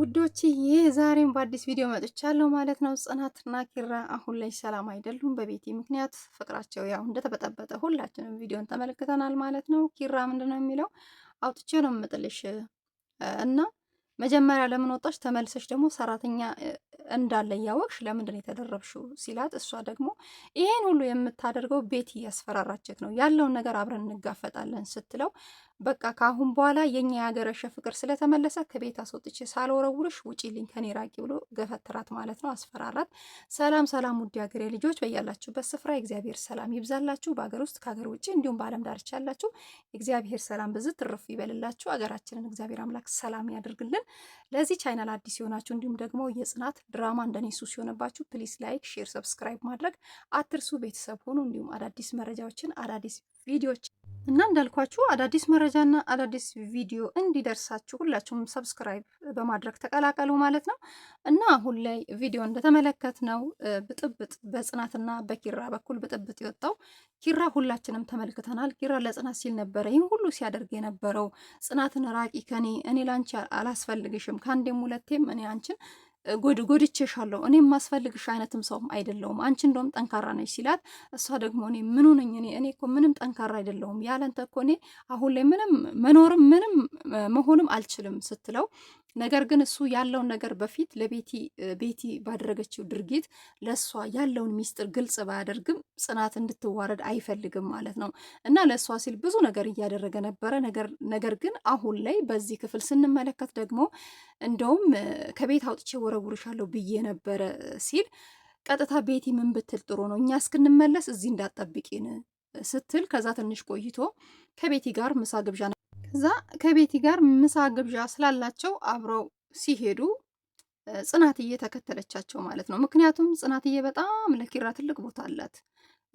ውዶችዬ ዛሬም በአዲስ ቪዲዮ መጥቻለሁ ማለት ነው። ጽናትና ኪራ አሁን ላይ ሰላም አይደሉም። በቤቲ ምክንያት ፍቅራቸው ያው እንደተበጠበጠ ሁላችንም ቪዲዮን ተመልክተናል ማለት ነው። ኪራ ምንድን ነው የሚለው? አውጥቼ ነው የምጥልሽ እና መጀመሪያ ለምን ወጣሽ? ተመልሰሽ ደግሞ ሰራተኛ እንዳለ እያወቅሽ ለምንድን ነው የተደረብሽው ሲላት፣ እሷ ደግሞ ይሄን ሁሉ የምታደርገው ቤት እያስፈራራችት ነው፣ ያለውን ነገር አብረን እንጋፈጣለን ስትለው፣ በቃ ከአሁን በኋላ የኛ ያገረሸ ፍቅር ስለተመለሰ ከቤት አስወጥቼ ሳልወረውርሽ ውጪ ልኝ ከኔ ራቂ ብሎ ገፈትራት ማለት ነው፣ አስፈራራት። ሰላም ሰላም፣ ውድ ሀገሬ ልጆች በያላችሁበት ስፍራ የእግዚአብሔር ሰላም ይብዛላችሁ። በሀገር ውስጥ ከሀገር ውጭ እንዲሁም በዓለም ዳርቻ ያላችሁ የእግዚአብሔር ሰላም ብዝት ትርፍ ይበልላችሁ። ሀገራችንን እግዚአብሔር አምላክ ሰላም ያደርግልን። ለዚህ ቻይናል አዲስ የሆናችሁ እንዲሁም ደግሞ የጽናት ድራማ እንደኔሱ ሲሆንባችሁ ፕሊስ ላይክ፣ ሼር፣ ሰብስክራይብ ማድረግ አትርሱ። ቤተሰብ ሆኑ። እንዲሁም አዳዲስ መረጃዎችን አዳዲስ ቪዲዮዎች እና እንዳልኳችሁ አዳዲስ መረጃና አዳዲስ ቪዲዮ እንዲደርሳችሁ ሁላችሁም ሰብስክራይብ በማድረግ ተቀላቀሉ ማለት ነው። እና አሁን ላይ ቪዲዮ እንደተመለከትነው ብጥብጥ በጽናትና በኪራ በኩል ብጥብጥ የወጣው ኪራ ሁላችንም ተመልክተናል። ኪራ ለጽናት ሲል ነበረ ይህን ሁሉ ሲያደርግ የነበረው ጽናትን ራቂ ከኔ እኔ ላንቺ አላስፈልግሽም፣ ከአንዴም ሁለቴም እኔ አንቺን ጎድቼሻለሁ፣ እኔ የማስፈልግሽ አይነትም ሰውም አይደለውም። አንቺ እንደውም ጠንካራ ነች ሲላት፣ እሷ ደግሞ እኔ ምኑ ነኝ እኔ እኔ እኮ ምንም ጠንካራ አይደለውም ያለንተ እኮ እኔ አሁን ላይ ምንም መኖርም ምንም መሆንም አልችልም ስትለው ነገር ግን እሱ ያለውን ነገር በፊት ለቤቲ ቤቲ ባደረገችው ድርጊት ለእሷ ያለውን ሚስጥር ግልጽ ባያደርግም ጽናት እንድትዋረድ አይፈልግም ማለት ነው እና ለእሷ ሲል ብዙ ነገር እያደረገ ነበረ። ነገር ግን አሁን ላይ በዚህ ክፍል ስንመለከት ደግሞ እንደውም ከቤት አውጥቼ ወረውርሻለሁ ብዬ ነበረ ሲል ቀጥታ ቤቲ ምን ብትል ጥሩ ነው እኛ እስክንመለስ እዚህ እንዳትጠብቂን ስትል ከዛ ትንሽ ቆይቶ ከቤቲ ጋር ምሳ ግብዣ ከዛ ከቤቲ ጋር ምሳ ግብዣ ስላላቸው አብረው ሲሄዱ ጽናትዬ ተከተለቻቸው ማለት ነው። ምክንያቱም ጽናትዬ በጣም ለኪራ ትልቅ ቦታ አላት።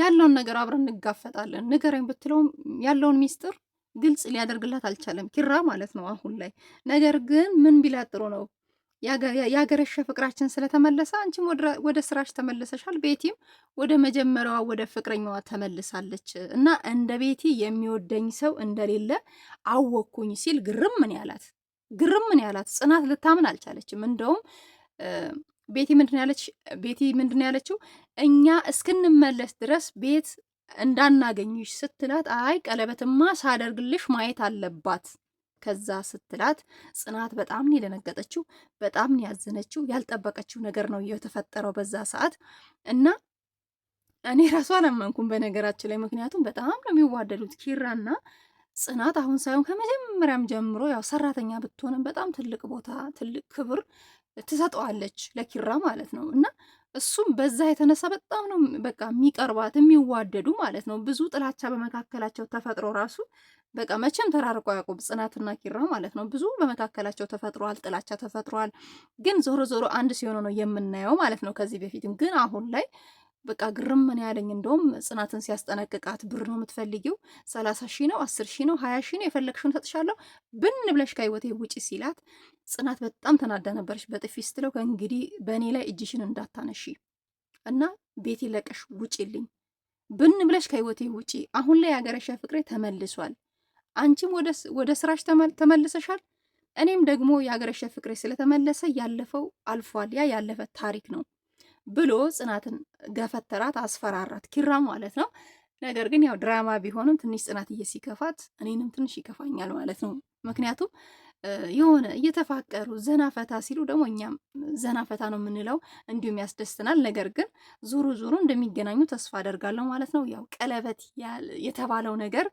ያለውን ነገር አብረን እንጋፈጣለን ንገረኝ ብትለውም ያለውን ሚስጥር ግልጽ ሊያደርግላት አልቻለም ኪራ ማለት ነው አሁን ላይ። ነገር ግን ምን ቢላት ጥሩ ነው ያገረሸ ፍቅራችን ስለተመለሰ አንቺም ወደ ስራሽ ተመልሰሻል፣ ቤቲም ወደ መጀመሪያዋ ወደ ፍቅረኛዋ ተመልሳለች እና እንደ ቤቲ የሚወደኝ ሰው እንደሌለ አወኩኝ ሲል ግርም ምን ያላት ግርም ምን ያላት ጽናት ልታምን አልቻለችም። እንደውም ቤቲ ምንድን ያለች ቤቲ ምንድን ያለችው እኛ እስክንመለስ ድረስ ቤት እንዳናገኝሽ ስትላት አይ ቀለበትማ ሳደርግልሽ ማየት አለባት ከዛ ስትላት ጽናት በጣም ነው የደነገጠችው፣ በጣም ነው ያዘነችው። ያልጠበቀችው ነገር ነው የተፈጠረው በዛ ሰዓት እና እኔ ራሱ አላመንኩም በነገራችን ላይ ምክንያቱም በጣም ነው የሚዋደዱት ኪራና ጽናት አሁን ሳይሆን ከመጀመሪያም ጀምሮ ያው ሰራተኛ ብትሆንም በጣም ትልቅ ቦታ ትልቅ ክብር ትሰጠዋለች ለኪራ ማለት ነው እና እሱም በዛ የተነሳ በጣም ነው በቃ የሚቀርባት የሚዋደዱ ማለት ነው። ብዙ ጥላቻ በመካከላቸው ተፈጥሮ ራሱ በቃ መቼም ተራርቆ ያቆብ ጽናትና ኪራ ማለት ነው። ብዙ በመካከላቸው ተፈጥሯል፣ ጥላቻ ተፈጥሯል። ግን ዞሮ ዞሮ አንድ ሲሆኑ ነው የምናየው ማለት ነው። ከዚህ በፊትም ግን አሁን ላይ በቃ ግርም ምን ያለኝ እንደውም ጽናትን ሲያስጠነቅቃት ብር ነው የምትፈልጊው፣ ሰላሳ ሺ ነው፣ አስር ሺ ነው፣ ሀያ ሺ ነው፣ የፈለግሽውን ሰጥሻለሁ፣ ብን ብለሽ ከህይወቴ ውጪ ሲላት ጽናት በጣም ተናዳ ነበረች። በጥፊ ስትለው ከእንግዲህ በእኔ ላይ እጅሽን እንዳታነሺ እና ቤት ለቀሽ ውጪልኝ፣ ብን ብለሽ ከህይወቴ ውጪ። አሁን ላይ ያገረሸ ፍቅሬ ተመልሷል፣ አንቺም ወደ ስራሽ ተመልሰሻል። እኔም ደግሞ ያገረሸ ፍቅሬ ስለተመለሰ ያለፈው አልፏል። ያ ያለፈ ታሪክ ነው። ብሎ ጽናትን ገፈተራት፣ አስፈራራት ኪራ ማለት ነው። ነገር ግን ያው ድራማ ቢሆንም ትንሽ ጽናትዬ ሲከፋት እኔንም ትንሽ ይከፋኛል ማለት ነው። ምክንያቱም የሆነ እየተፋቀሩ ዘና ፈታ ሲሉ ደግሞ እኛም ዘና ፈታ ነው የምንለው፣ እንዲሁም ያስደስተናል። ነገር ግን ዙሩ ዙሩ እንደሚገናኙ ተስፋ አደርጋለሁ ማለት ነው። ያው ቀለበት የተባለው ነገር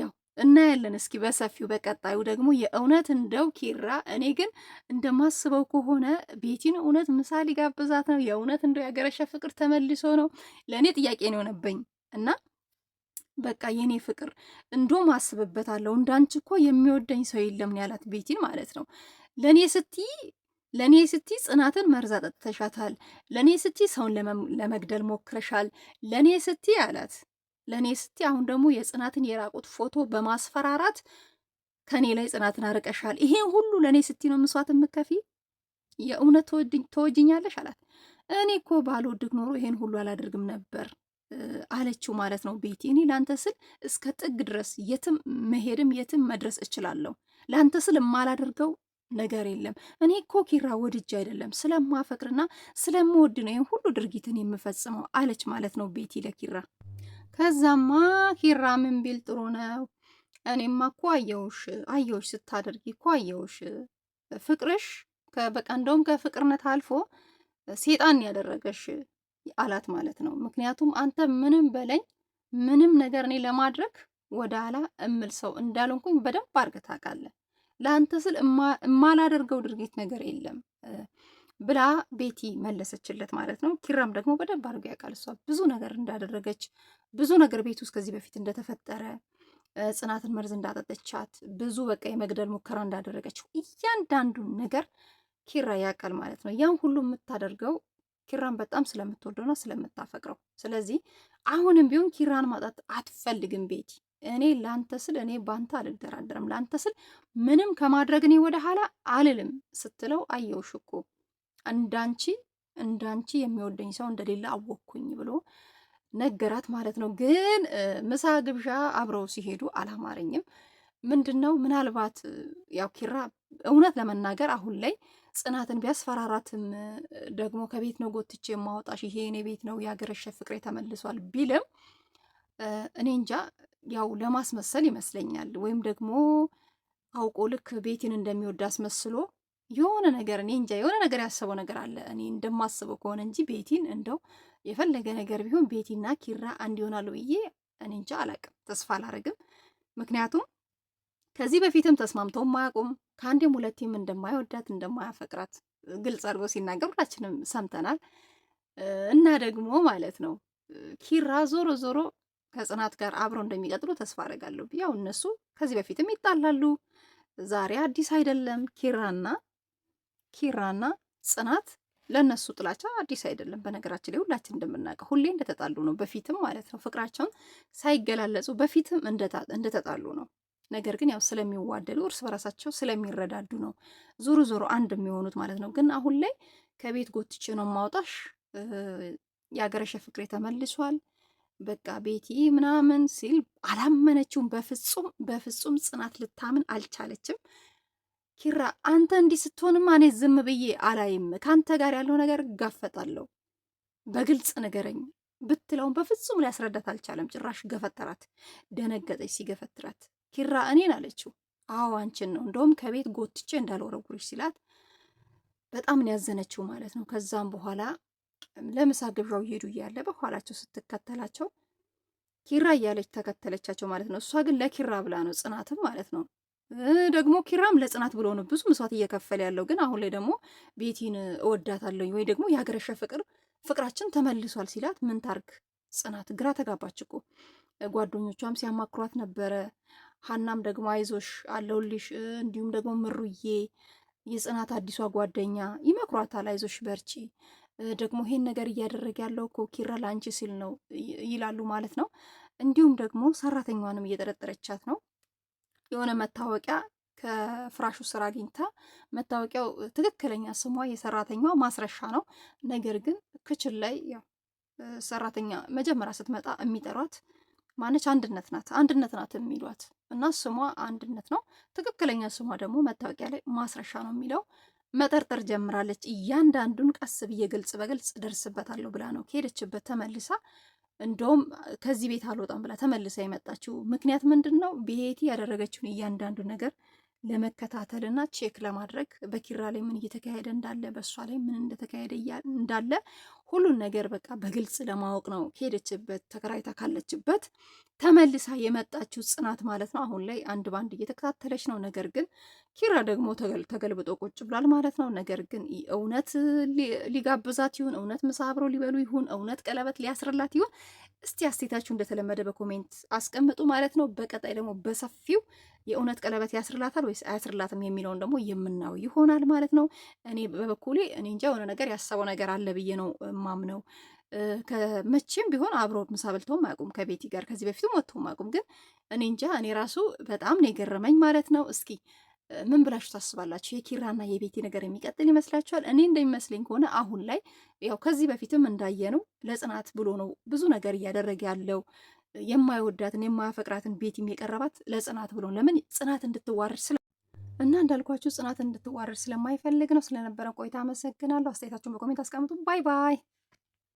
ያው እናያለን እስኪ በሰፊው በቀጣዩ ደግሞ የእውነት እንደው ኪራ እኔ ግን እንደማስበው ከሆነ ቤቲን እውነት ምሳ ሊጋብዛት ነው የእውነት እንደው ያገረሸ ፍቅር ተመልሶ ነው ለእኔ ጥያቄ ነው የሆነብኝ እና በቃ የኔ ፍቅር እንዶ ማስብበታለሁ እንዳንቺ እኮ የሚወደኝ ሰው የለም ነው ያላት ቤቲን ማለት ነው ለእኔ ስቲ ለእኔ ስቲ ጽናትን መርዛ ጠጥተሻታል ለእኔ ስቲ ሰውን ለመግደል ሞክረሻል ለእኔ ስቲ አላት ለእኔ ስቲ አሁን ደግሞ የጽናትን የራቁት ፎቶ በማስፈራራት ከእኔ ላይ ጽናትን አርቀሻል፣ ይሄን ሁሉ ለእኔ ስቲ ነው ምስዋት የምከፊ? የእውነት ተወጅኛለሽ አላት። እኔ እኮ ባልወድግ ኖሮ ይሄን ሁሉ አላደርግም ነበር አለችው ማለት ነው ቤቲ። እኔ ለአንተ ስል እስከ ጥግ ድረስ የትም መሄድም የትም መድረስ እችላለሁ። ለአንተ ስል የማላደርገው ነገር የለም። እኔ እኮ ኪራ ወድጅ አይደለም ስለማፈቅርና ስለምወድ ነው ይህን ሁሉ ድርጊትን የምፈጽመው አለች ማለት ነው ቤቲ ለኪራ። ከዛማ ኪራ ምን ቢል ጥሩ ነው? እኔማ እኮ አየውሽ አየውሽ ስታደርጊ እኮ አየውሽ ፍቅርሽ በቃ እንደውም ከፍቅርነት አልፎ ሴጣን ያደረገሽ አላት ማለት ነው። ምክንያቱም አንተ ምንም በለኝ ምንም ነገር እኔ ለማድረግ ወደ ኋላ እምል ሰው እንዳልሆንኩኝ በደንብ አድርገህ ታውቃለህ። ለአንተ ስል እማላደርገው ድርጊት ነገር የለም ብላ ቤቲ መለሰችለት ማለት ነው። ኪራም ደግሞ በደንብ አድርጎ ያውቃል እሷ ብዙ ነገር እንዳደረገች ብዙ ነገር ቤት ውስጥ ከዚህ በፊት እንደተፈጠረ ጽናትን መርዝ እንዳጠጠቻት ብዙ በቃ የመግደል ሙከራ እንዳደረገችው እያንዳንዱን ነገር ኪራ ያውቃል ማለት ነው። ያን ሁሉ የምታደርገው ኪራን በጣም ስለምትወደውና ስለምታፈቅረው። ስለዚህ አሁንም ቢሆን ኪራን ማጣት አትፈልግም ቤቲ። እኔ ላንተ ስል እኔ ባንተ አልደራደርም፣ ላንተ ስል ምንም ከማድረግ እኔ ወደ ኋላ አልልም ስትለው አየውሽ እኮ እንዳንቺ እንዳንቺ የሚወደኝ ሰው እንደሌለ አወቅኩኝ ብሎ ነገራት ማለት ነው። ግን ምሳ ግብዣ አብረው ሲሄዱ አላማረኝም። ምንድን ነው ምናልባት ያው ኪራ እውነት ለመናገር አሁን ላይ ጽናትን ቢያስፈራራትም ደግሞ ከቤት ነው ጎትቼ የማወጣሽ ይሄ እኔ ቤት ነው ያገረሸ ፍቅሬ ተመልሷል ቢልም እኔ እንጃ ያው ለማስመሰል ይመስለኛል። ወይም ደግሞ አውቆ ልክ ቤትን እንደሚወድ አስመስሎ የሆነ ነገር እኔ እንጃ የሆነ ነገር ያሰበው ነገር አለ። እኔ እንደማስበው ከሆነ እንጂ ቤቲን እንደው የፈለገ ነገር ቢሆን ቤቲና ኪራ አንድ ይሆናሉ ብዬ እኔ እንጃ አላቅም፣ ተስፋ አላረግም። ምክንያቱም ከዚህ በፊትም ተስማምተው አያውቁም። ከአንዴም ሁለቴም እንደማይወዳት እንደማያፈቅራት ግልጽ አድርጎ ሲናገር ሁላችንም ሰምተናል። እና ደግሞ ማለት ነው ኪራ ዞሮ ዞሮ ከጽናት ጋር አብረው እንደሚቀጥሉ ተስፋ አደርጋለሁ። ያው እነሱ ከዚህ በፊትም ይጣላሉ። ዛሬ አዲስ አይደለም። ኪራና ኪራና ጽናት ለእነሱ ጥላቻ አዲስ አይደለም። በነገራችን ላይ ሁላችን እንደምናውቀው ሁሌ እንደተጣሉ ነው። በፊትም ማለት ነው ፍቅራቸውን ሳይገላለጹ በፊትም እንደተጣሉ ነው። ነገር ግን ያው ስለሚዋደዱ እርስ በራሳቸው ስለሚረዳዱ ነው ዞሮ ዞሮ አንድ የሚሆኑት ማለት ነው። ግን አሁን ላይ ከቤት ጎትቼ ነው ማውጣሽ፣ የአገረሸ ፍቅሬ ተመልሷል በቃ ቤቲ ምናምን ሲል አላመነችውም። በፍጹም በፍጹም ጽናት ልታምን አልቻለችም። ኪራ አንተ እንዲህ ስትሆንማ እኔ ዝም ብዬ አላይም፣ ከአንተ ጋር ያለው ነገር ጋፈጣለሁ፣ በግልጽ ንገረኝ ብትለውም በፍጹም ሊያስረዳት አልቻለም። ጭራሽ ገፈተራት። ደነገጠች ሲገፈትራት። ኪራ እኔን አለችው። አዎ አንቺን ነው፣ እንደውም ከቤት ጎትቼ እንዳልወረውርሽ ሲላት በጣም ነው ያዘነችው ማለት ነው። ከዛም በኋላ ለምሳ ግብዣው እየሄዱ እያለ በኋላቸው ስትከተላቸው ኪራ እያለች ተከተለቻቸው ማለት ነው። እሷ ግን ለኪራ ብላ ነው ጽናትም ማለት ነው ደግሞ ኪራም ለጽናት ብሎ ነው ብዙ መስዋዕት እየከፈለ ያለው። ግን አሁን ላይ ደግሞ ቤቲን እወዳታለሁ ወይ ደግሞ የሀገረሸ ፍቅር ፍቅራችን ተመልሷል ሲላት ምን ታርግ ጽናት ግራ ተጋባች እኮ። ጓደኞቿም ሲያማክሯት ነበረ። ሀናም ደግሞ አይዞሽ አለውልሽ እንዲሁም ደግሞ ምሩዬ የጽናት አዲሷ ጓደኛ ይመክሯታል። አይዞሽ በርቺ፣ ደግሞ ይሄን ነገር እያደረገ ያለው እኮ ኪራ ለአንቺ ሲል ነው ይላሉ ማለት ነው። እንዲሁም ደግሞ ሰራተኛዋንም እየጠረጠረቻት ነው የሆነ መታወቂያ ከፍራሹ ስራ አግኝታ መታወቂያው ትክክለኛ ስሟ የሰራተኛዋ ማስረሻ ነው። ነገር ግን ክችን ላይ ያው ሰራተኛ መጀመሪያ ስትመጣ የሚጠሯት ማነች? አንድነት ናት። አንድነት ናት የሚሏት እና ስሟ አንድነት ነው። ትክክለኛ ስሟ ደግሞ መታወቂያ ላይ ማስረሻ ነው የሚለው መጠርጠር ጀምራለች። እያንዳንዱን ቀስ ብዬ ግልጽ በግልጽ ደርስበታለሁ ብላ ነው ከሄደችበት ተመልሳ እንደውም ከዚህ ቤት አልወጣም ብላ ተመልሳ የመጣችው ምክንያት ምንድን ነው? ቤቲ ያደረገችውን እያንዳንዱ ነገር ለመከታተልና ቼክ ለማድረግ በኪራ ላይ ምን እየተካሄደ እንዳለ፣ በእሷ ላይ ምን እንደተካሄደ እንዳለ ሁሉን ነገር በቃ በግልጽ ለማወቅ ነው ሄደችበት ተከራይታ ካለችበት ተመልሳ የመጣችው ጽናት ማለት ነው። አሁን ላይ አንድ ባንድ እየተከታተለች ነው። ነገር ግን ኪራ ደግሞ ተገልብጦ ቁጭ ብሏል ማለት ነው። ነገር ግን እውነት ሊጋብዛት ይሁን፣ እውነት ምሳ አብረው ሊበሉ ይሁን፣ እውነት ቀለበት ሊያስርላት ይሁን፣ እስቲ አስቴታችሁ እንደተለመደ በኮሜንት አስቀምጡ ማለት ነው። በቀጣይ ደግሞ በሰፊው የእውነት ቀለበት ያስርላታል ወይስ አያስርላትም የሚለውን ደግሞ የምናው ይሆናል ማለት ነው። እኔ በበኩሌ እኔ እንጃ የሆነ ነገር ያሰበው ነገር አለ ብዬ ነው የማምነው። መቼም ቢሆን አብሮ ምሳ በልቶም አያውቁም ከቤቲ ጋር ከዚህ በፊትም ወጥቶም አያውቁም። ግን እኔ እንጃ እኔ ራሱ በጣም ነው የገረመኝ ማለት ነው። እስኪ ምን ብላችሁ ታስባላችሁ? የኪራና የቤቲ ነገር የሚቀጥል ይመስላችኋል? እኔ እንደሚመስለኝ ከሆነ አሁን ላይ ያው ከዚህ በፊትም እንዳየነው ለጽናት ብሎ ነው ብዙ ነገር እያደረገ ያለው የማይወዳትን የማያፈቅራትን ቤቲም የቀረባት ለጽናት ብሎ ለምን ጽናት ስለ እና እንዳልኳችሁ ጽናት እንድትዋረድ ስለማይፈልግ ነው። ስለነበረ ቆይታ አመሰግናለሁ። አስተያየታችሁን በኮሜንት አስቀምጡ። ባይ ባይ